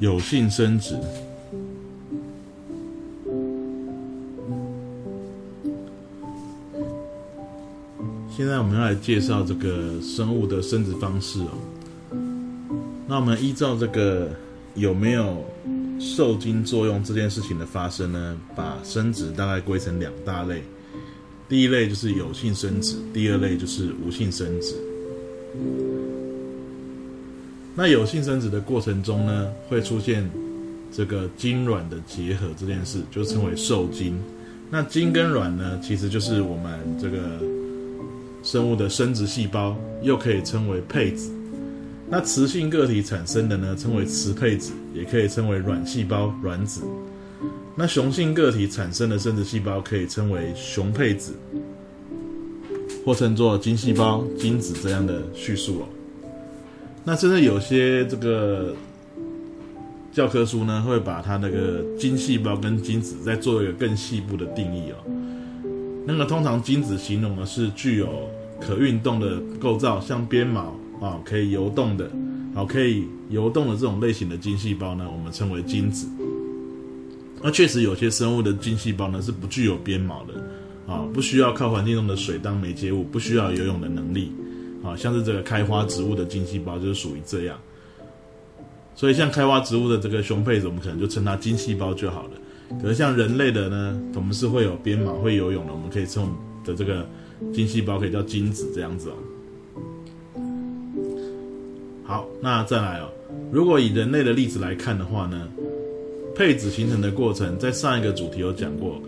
有性生殖。現在我們要來介紹這個生物的生殖方式哦。那我們依照這個有沒有受精作用這件事情的發生呢，把生殖大概歸成兩大類。第一類就是有性生殖，第二類就是無性生殖。那有性生殖的過程中呢，會出現這個精卵的結合這件事，就稱為受精。那精跟卵呢，其實就是我們這個生物的生殖細胞，又可以稱為配子。那雌性個體產生的呢，稱為雌配子，也可以稱為卵細胞、卵子。那雄性個體產生的生殖細胞，可以稱為雄配子，或稱作精細胞、精子這樣的敘述哦。那甚至有些這個教科書呢，會把它那個精細胞跟精子再做一個更細部的定義哦。那個通常精子形容的是具有可運動的構造，像鞭毛啊，可以游動的，好、啊、可以游動的這種類型的精細胞呢，我們稱為精子。那確實有些生物的精細胞呢是不具有鞭毛的，啊，不需要靠環境中的水當媒介物，不需要游泳的能力。啊，像是這個開花植物的精細胞就是屬於這樣，所以像開花植物的這個雄配子，我們可能就稱它精細胞就好了。可是像人類的呢，我們是會有鞭毛、會游泳的，我們可以稱我們的這個精細胞可以叫精子這樣子哦。好，那再來哦，如果以人類的例子來看的話呢，配子形成的過程，在上一個主題有講過，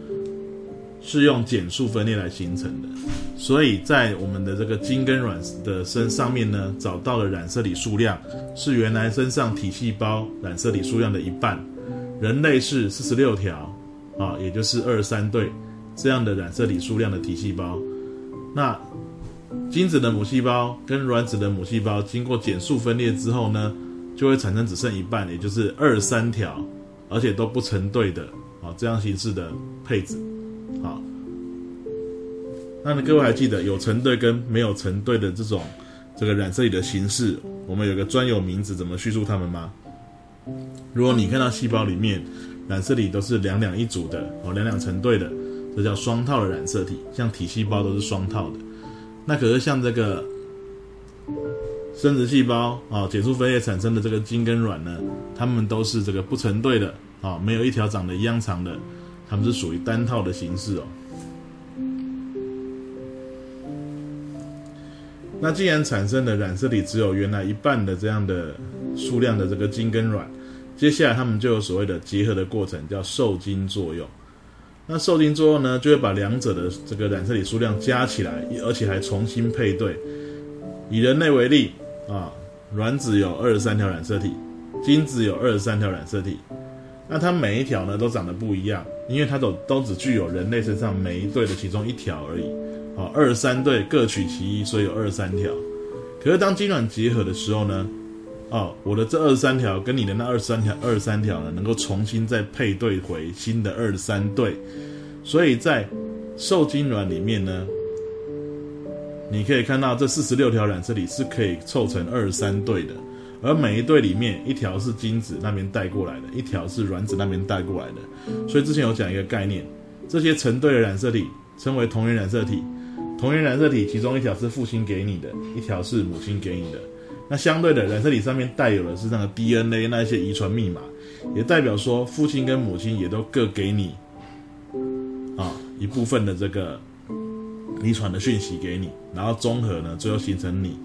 是用減數分裂來形成的，所以在我們的這個精跟卵的身上面呢，找到了染色體數量是原來身上體細胞染色體數量的一半。人類是四十六條啊，也就是二十三對這樣的染色體數量的體細胞。那精子的母細胞跟卵子的母細胞經過減數分裂之後呢，就會產生只剩一半，也就是二三條，而且都不成對的啊，這樣形式的配子。那各位還記得有成對跟沒有成對的這種這個染色體的形式，我們有一個專有名字怎麼敘述它們嗎？如果你看到細胞裡面染色體都是兩兩一組的哦，兩兩成對的，這叫雙套的染色體，像體細胞都是雙套的。那可是像這個生殖細胞哦，減數分裂產生的這個精跟卵呢，它們都是這個不成對的哦、喔，沒有一條長得一樣長的，它們是屬於單套的形式哦、喔。那既然產生的染色體只有原來一半的這樣的數量的這個精跟卵，接下來他們就有所謂的結合的過程，叫受精作用。那受精作用呢，就會把兩者的這個染色體數量加起來，而且還重新配對。以人類為例啊，卵子有二十三條染色體，精子有二十三條染色體。那它每一條呢，都長得不一樣，因為它都都只具有人類身上每一對的其中一條而已。哦、二三對各取其一，所以有二三條。可是當精卵結合的時候呢，哦，我的這二三條跟你的那二三條二三條呢，能夠重新再配對回新的二三對。所以在受精卵裡面呢，你可以看到這四十六條染色體是可以湊成二三對的。而每一對裡面一條是精子那邊帶過來的，一條是卵子那邊帶過來的。所以之前有講一個概念，這些成對的染色體稱為同源染色體。同源染色體，其中一條是父親給你的，一條是母親給你的。那相對的染色體上面帶有的是那個 DNA，那一些遺傳密碼，也代表說父親跟母親也都各給你啊一部分的這個遺傳的訊息給你，然後綜合呢，最後形成你。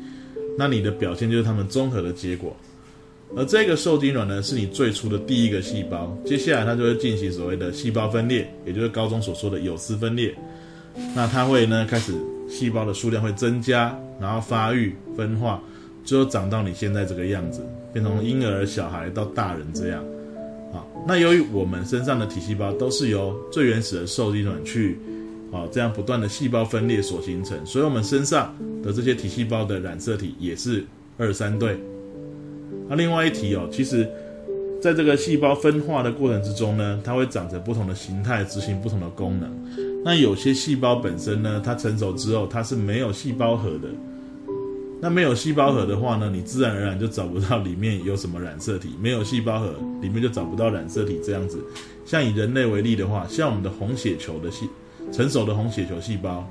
那你的表現就是他們綜合的結果。而這個受精卵呢，是你最初的第一個細胞，接下來它就會進行所謂的細胞分裂，也就是高中所說的有絲分裂。那它會呢，開始細胞的數量會增加，然後發育分化，最後長到你現在這個樣子，變成嬰兒、小孩到大人這樣。好、啊，那由於我們身上的體細胞都是由最原始的受精卵去，好、啊、這樣不斷的細胞分裂所形成，所以我們身上的這些體細胞的染色體也是二三對。那、啊、另外一提哦，其實在這個細胞分化的過程之中呢，它會長着不同的形態，執行不同的功能。那有些細胞本身呢，它成熟之後它是沒有細胞核的。那沒有細胞核的話呢，你自然而然就找不到裡面有什麼染色體。沒有細胞核，裡面就找不到染色體。這樣子，像以人類為例的話，像我們的紅血球的細，成熟的紅血球細胞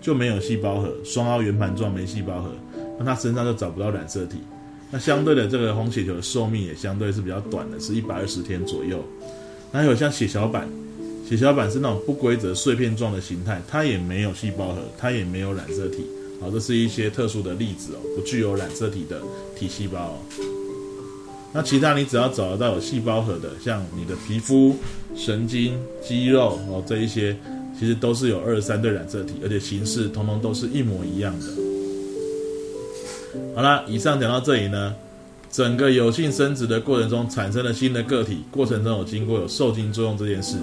就沒有細胞核，雙凹圓盤狀沒細胞核，那它身上就找不到染色體。那相對的，這個紅血球的壽命也相對是比較短的，是一百二十天左右。那還有像血小板。血小板是那種不規則、碎片狀的形態，它也沒有細胞核，它也沒有染色體。好、哦，這是一些特殊的例子哦，不具有染色體的體細胞、哦。那其他你只要找得到有細胞核的，像你的皮膚、神經、肌肉哦這一些，其實都是有二十三對染色體，而且形式通通都是一模一樣的。好啦，以上講到這裡呢，整個有性生殖的過程中產生了新的個體，過程中有經過有受精作用這件事。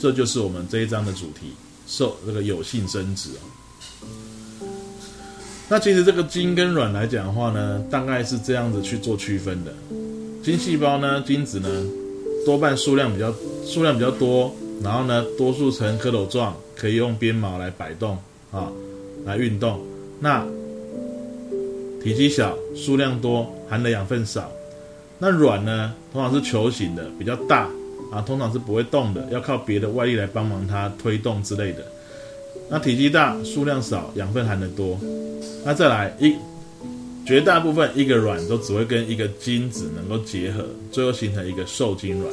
這就是我們這一章的主題，受這個有性生殖。那其實這個精跟卵來講的話呢，大概是這樣子去做區分的。精細胞呢，精子呢，多半數量比較數量比較多，然後呢，多數呈蝌蚪狀，可以用鞭毛來擺動啊，來運動。那體積小，數量多，含的養分少。那卵呢，通常是球形的，比較大。啊，通常是不會動的，要靠別的外力來幫忙它，推動之類的。那體積大，數量少，養分含得多。那、啊、再來一，絕大部分一個卵都只會跟一個精子能夠結合，最後形成一個受精卵。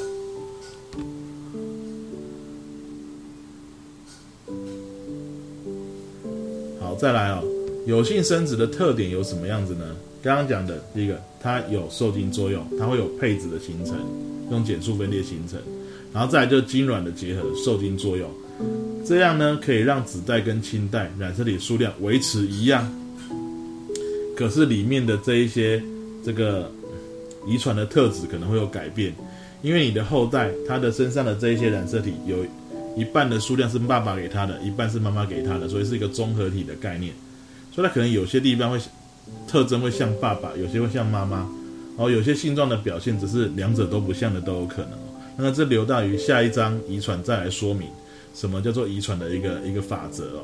好，再來哦。有性生殖的特點有什麼樣子呢？剛剛講的第一個，它有受精作用，它會有配子的形成，用減數分裂形成，然後再來就是精卵的結合，受精作用，這樣呢可以讓子代跟親代染色體數量維持一樣，可是裡面的這一些這個遺傳的特質可能會有改變，因為你的後代他的身上的這一些染色體有一半的數量是爸爸給他的，一半是媽媽給他的，所以是一個綜合體的概念。所以它可能有些地方會特徵會像爸爸，有些會像媽媽，然後，哦，有些性狀的表現只是兩者都不像的都有可能哦。那麼這留待於下一章遺傳再來說明，什麼叫做遺傳的一個一個法則哦。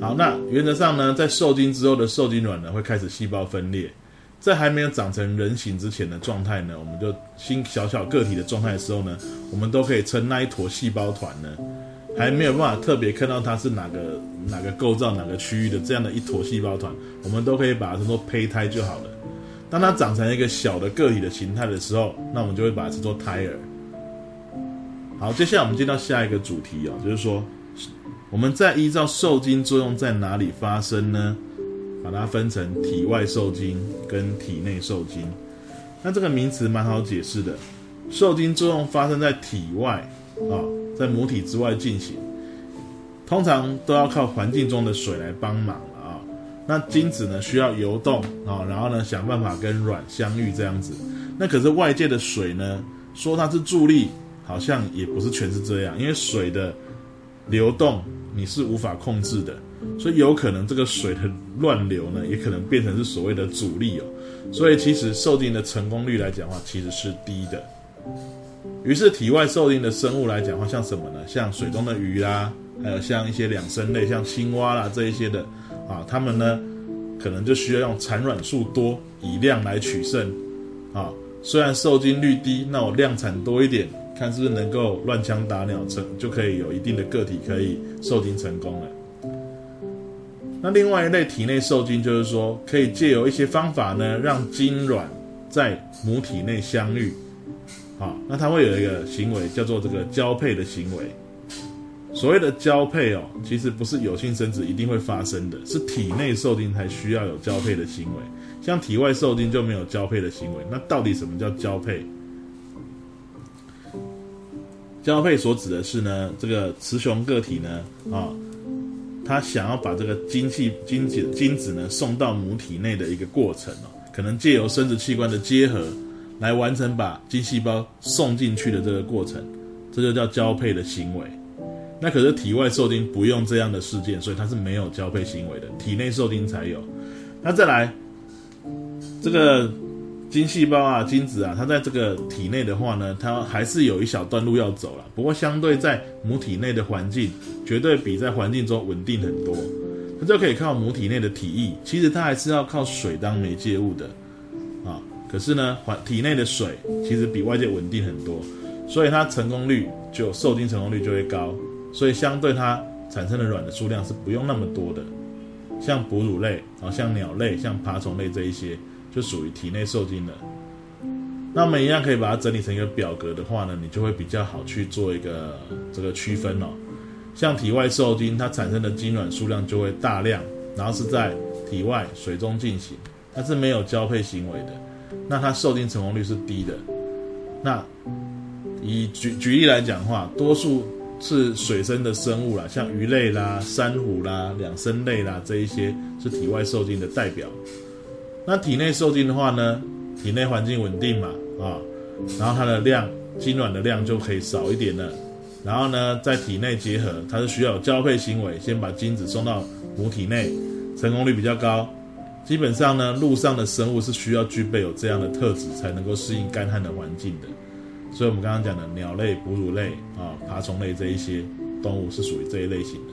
好，那原則上呢，在受精之後的受精卵呢會開始細胞分裂。在還沒有長成人形之前的狀態呢，我們就新小小個體的狀態的時候呢，我們都可以稱那一坨細胞團呢，還沒有辦法特別看到它是哪個哪個構造、哪個區域的這樣的一坨細胞團，我們都可以把它稱作胚胎就好了。當它長成一個小的個體的形態的時候，那我們就會把它稱作胎兒。好，接下來我們進到下一個主題啊、哦，就是說，我們在依照受精作用在哪裡發生呢？把它分成體外受精跟體內受精，那這個名詞蠻好解釋的，受精作用發生在體外啊，在母體之外進行，通常都要靠環境中的水來幫忙啊。那精子呢，需要游動啊，然後呢想辦法跟卵相遇這樣子。那可是外界的水呢，說它是助力，好像也不是全是這樣，因為水的流動你是無法控制的。所以有可能這個水的亂流呢，也可能變成是所謂的阻力哦。所以其實受精的成功率來講話，其實是低的。於是體外受精的生物來講話，像什麼呢？像水中的魚啦，還有像一些兩生類，像青蛙啦這一些的啊，他們呢可能就需要用產卵數多，以量來取勝啊。雖然受精率低，那我量產多一點，看是不是能夠亂槍打鳥成，成就可以有一定的個體可以受精成功了。那另外一類體內受精，就是說可以借由一些方法呢，讓精卵在母體內相遇。好、哦，那它會有一個行為叫做這個交配的行為。所謂的交配哦，其實不是有性生殖一定會發生的，是體內受精才需要有交配的行為，像體外受精就沒有交配的行為。那到底什麼叫交配？交配所指的是呢，這個雌雄個體呢，啊、哦。他想要把這個精細、精子、精子呢送到母體內的一個過程哦，可能借由生殖器官的結合來完成把精細胞送進去的這個過程，這就叫交配的行為。那可是體外受精不用這樣的事件，所以它是沒有交配行為的。體內受精才有。那再來這個。精細胞啊，精子啊，它在這個體內的話呢，它還是有一小段路要走了。不過，相對在母體內的環境，絕對比在環境中穩定很多。它就可以靠母體內的體液，其實它還是要靠水當媒介物的啊。可是呢，環體內的水其實比外界穩定很多，所以它成功率就受精成功率就會高，所以相對它產生的卵的數量是不用那麼多的。像哺乳類，啊，像鳥類、像爬蟲類這一些。就屬於體內受精的，那麼一樣可以把它整理成一個表格的話呢，你就會比較好去做一個這個區分哦。像體外受精，它產生的精卵數量就會大量，然後是在體外水中進行，它是沒有交配行為的，那它受精成功率是低的。那以舉舉例來講的話，多數是水生的生物啦，像魚類啦、珊瑚啦、兩生類啦這一些是體外受精的代表。那體內受精的話呢，體內環境穩定嘛，啊、哦，然後它的量，精卵的量就可以少一點了，然後呢，在體內結合，它是需要有交配行為，先把精子送到母體內，成功率比較高。基本上呢，陸上的生物是需要具備有這樣的特質，才能夠適應乾旱的環境的。所以，我們剛剛講的鳥類、哺乳類啊、哦、爬蟲類這一些動物是屬於這一類型的。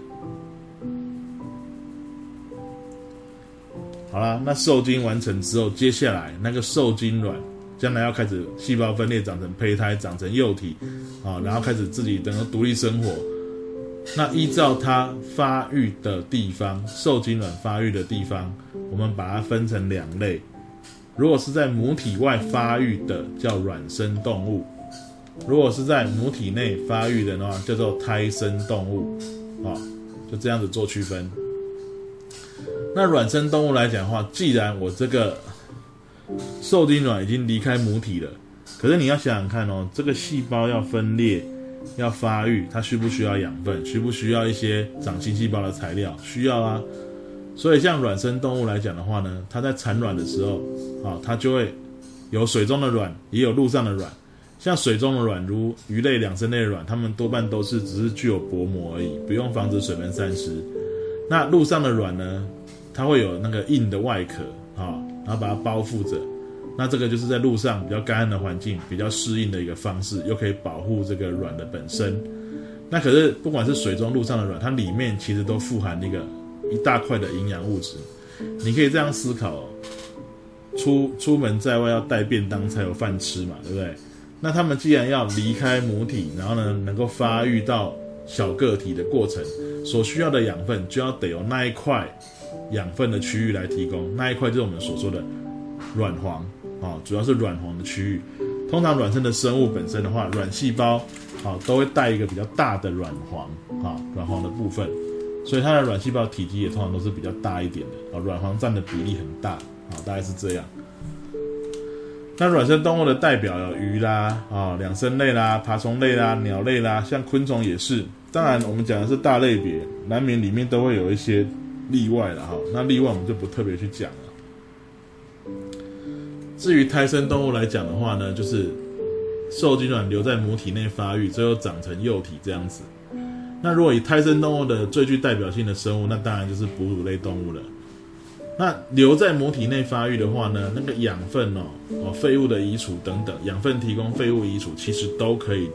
好啦，那受精完成之後，接下來那個受精卵將來要開始細胞分裂，長成胚胎，長成幼體，啊，然後開始自己能夠獨立生活。那依照它發育的地方，受精卵發育的地方，我們把它分成兩類。如果是在母體外發育的，叫卵生動物；如果是在母體內發育的呢，叫做胎生動物。啊，就這樣子做區分。那卵生動物來講的話，既然我這個受精卵已經離開母體了，可是你要想想看哦，這個細胞要分裂、要發育，它需不需要養分？需不需要一些長新細，細胞的材料？需要啊。所以像卵生動物來講的話呢，它在產卵的時候，啊，它就會有水中的卵，也有陸上的卵。像水中的卵，如魚類、兩生類的卵，它們多半都是只是具有薄膜而已，不用防止水分散失。那陸上的卵呢？它會有那個硬的外殼啊，然後把它包覆着，那這個就是在陸上比較乾旱的環境比較適應的一個方式，又可以保護這個卵的本身。那可是不管是水中、陸上的卵，它裡面其實都富含一個一大塊的營養物質。你可以這樣思考：出出門在外要帶便當才有飯吃嘛，對不對？那它們既然要離開母體，然後呢能夠發育到小個體的過程，所需要的養分就要得有那一塊。養分的區域來提供，那一塊就是我們所說的卵黃啊、哦，主要是卵黃的區域。通常卵生的生物本身的話，卵細胞啊、哦、都會帶一個比較大的卵黃啊、哦，卵黃的部分，所以它的卵細胞體積也通常都是比較大一點的啊、哦，卵黃佔的比例很大啊、哦，大概是這樣。那卵生動物的代表有魚啦啊，兩、哦、生類啦、爬蟲類啦、鳥類啦，像昆蟲也是。當然我們講的是大類別，難免裡面都會有一些例外了哈，那例外我們就不特別去講了。至於胎生動物來講的話呢，就是受精卵留在母體內發育，最後長成幼體這樣子。那如果以胎生動物的最具代表性的生物，那當然就是哺乳類動物了。那留在母體內發育的話呢，那個養分哦，哦，廢物的移除等等，養分提供、廢物移除，其實都可以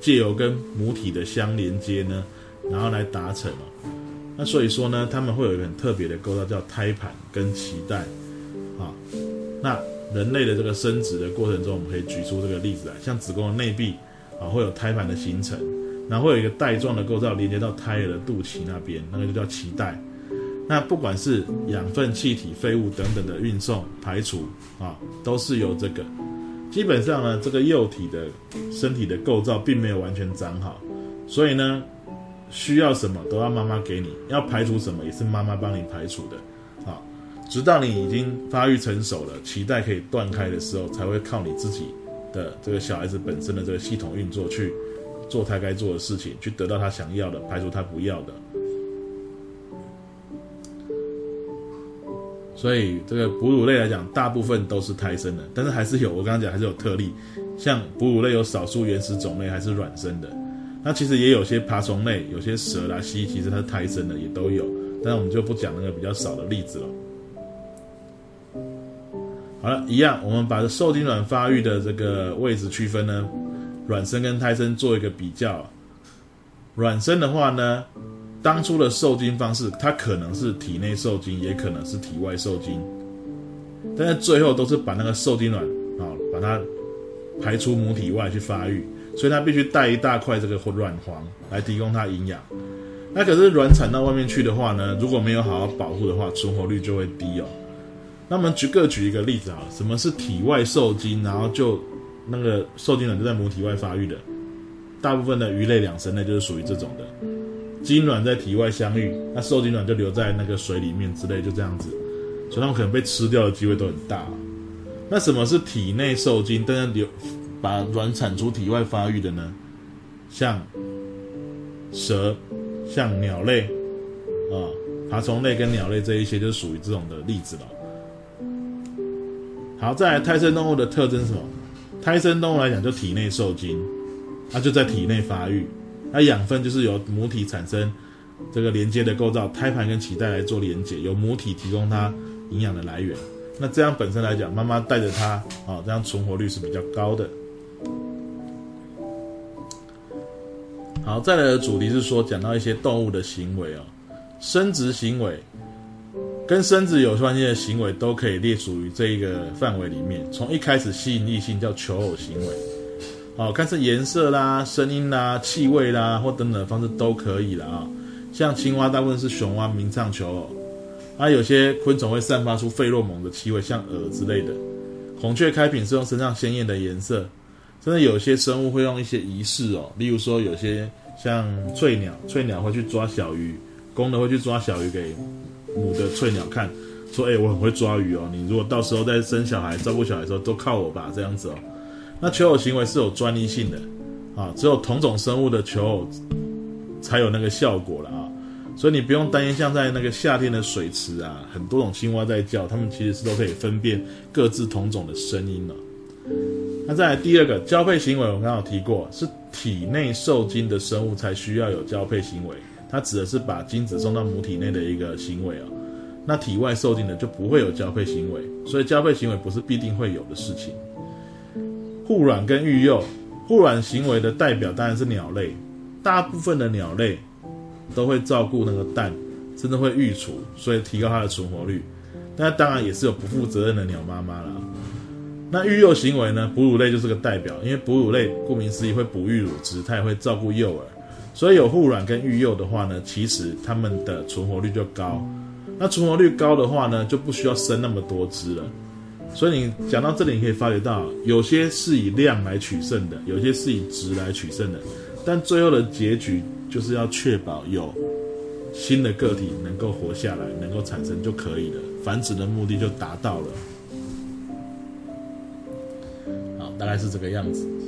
借由跟母體的相連接呢，然後來達成哦。那所以說呢，他們會有一個很特別的構造，叫胎盤跟臍帶，啊，那人類的這個生殖的過程中，我們可以舉出這個例子來。像子宮的內壁啊，會有胎盤的形成，然後會有一個帶狀的構造連接到胎兒的肚臍那邊，那個就叫臍帶。那不管是養分、氣體、廢物等等的運送、排除啊，都是由這個。基本上呢，這個幼體的身體的構造並沒有完全長好，所以呢。需要什麼都要媽媽給你，要排除什麼也是媽媽幫你排除的，啊，直到你已經發育成熟了，臍帶可以斷開的時候，才會靠你自己的這個小孩子本身的這個系統運作去做他該做的事情，去得到他想要的，排除他不要的。所以這個哺乳類來講，大部分都是胎生的，但是還是有，我剛剛講還是有特例，像哺乳類有少數原始種類還是卵生的。那其實也有些爬蟲類，有些蛇啦蜥蜴，其實它是胎生的，也都有，但是我們就不講那個比較少的例子了。好了，一樣，我們把受精卵發育的這個位置區分呢，卵生跟胎生做一個比較，啊。卵生的話呢，當初的受精方式，它可能是體內受精，也可能是體外受精，但是最後都是把那個受精卵啊，哦，把它排出母體外去發育。所以它必須帶一大塊這個卵黃來提供它營養。那可是卵產到外面去的話呢，如果沒有好好保護的話，存活率就會低哦。那我們舉各舉一個例子啊，什麼是體外受精，然後就那個受精卵就在母體外發育的？大部分的魚類、兩生類就是屬於這種的。精卵在體外相遇，那受精卵就留在那個水裡面之類，就這樣子。所以它們可能被吃掉的機會都很大。那什麼是體內受精？當然。把卵產出體外發育的呢，像蛇、像鳥類啊、爬蟲類跟鳥類這一些，就屬於這種的例子了。好，再來胎生動物的特徵是什麼？胎生動物來講，就體內受精，它就在體內發育，它養分就是由母體產生，這個連接的構造胎盤跟臍帶來做連接，由母體提供它營養的來源。那這樣本身來講，媽媽帶着它啊，這樣存活率是比較高的。好，再來的主題是說，講到一些動物的行為哦，生殖行為跟生殖有關係的行為都可以列屬於這一個範圍裡面。從一開始吸引異性叫求偶行為，好、哦、看是顏色啦、聲音啦、氣味啦，或等等的方式都可以啦、哦。啊。像青蛙大部分是雄蛙鳴唱求偶，啊，有些昆蟲會散發出費洛蒙的氣味，像蛾之類的。孔雀開屏是用身上鮮豔的顏色。真的有些生物會用一些儀式哦，例如說有些像翠鳥，翠鳥會去抓小魚，公的會去抓小魚給母的翠鳥看，說：“誒、欸、我很會抓魚哦，你如果到時候在生小孩、照顧小孩的時候，都靠我吧。”這樣子哦。那求偶行為是有專一性的啊，只有同種生物的求偶才有那個效果了啊。所以你不用擔心，像在那個夏天的水池啊，很多種青蛙在叫，它們其實是都可以分辨各自同種的聲音了、哦。那再來第二個交配行為，我剛好提過，是體內受精的生物才需要有交配行為，它指的是把精子送到母體內的一個行為哦，那體外受精的就不會有交配行為，所以交配行為不是必定會有的事情。護卵跟育幼，護卵行為的代表當然是鳥類，大部分的鳥類都會照顧那個蛋，甚至會育雛，所以提高它的存活率。那當然也是有不負責任的鳥媽媽了。那育幼行為呢？哺乳類就是個代表，因為哺乳類顧名思義會哺育乳汁，它也會照顧幼兒，所以有護卵跟育幼的話呢，其實他們的存活率就高。那存活率高的話呢，就不需要生那麼多隻了。所以你講到這裡，你可以發覺到，有些是以量來取勝的，有些是以質來取勝的。但最後的結局就是要確保有新的個體能夠活下來，能夠產生就可以了，繁殖的目的就達到了。原來是這個樣子。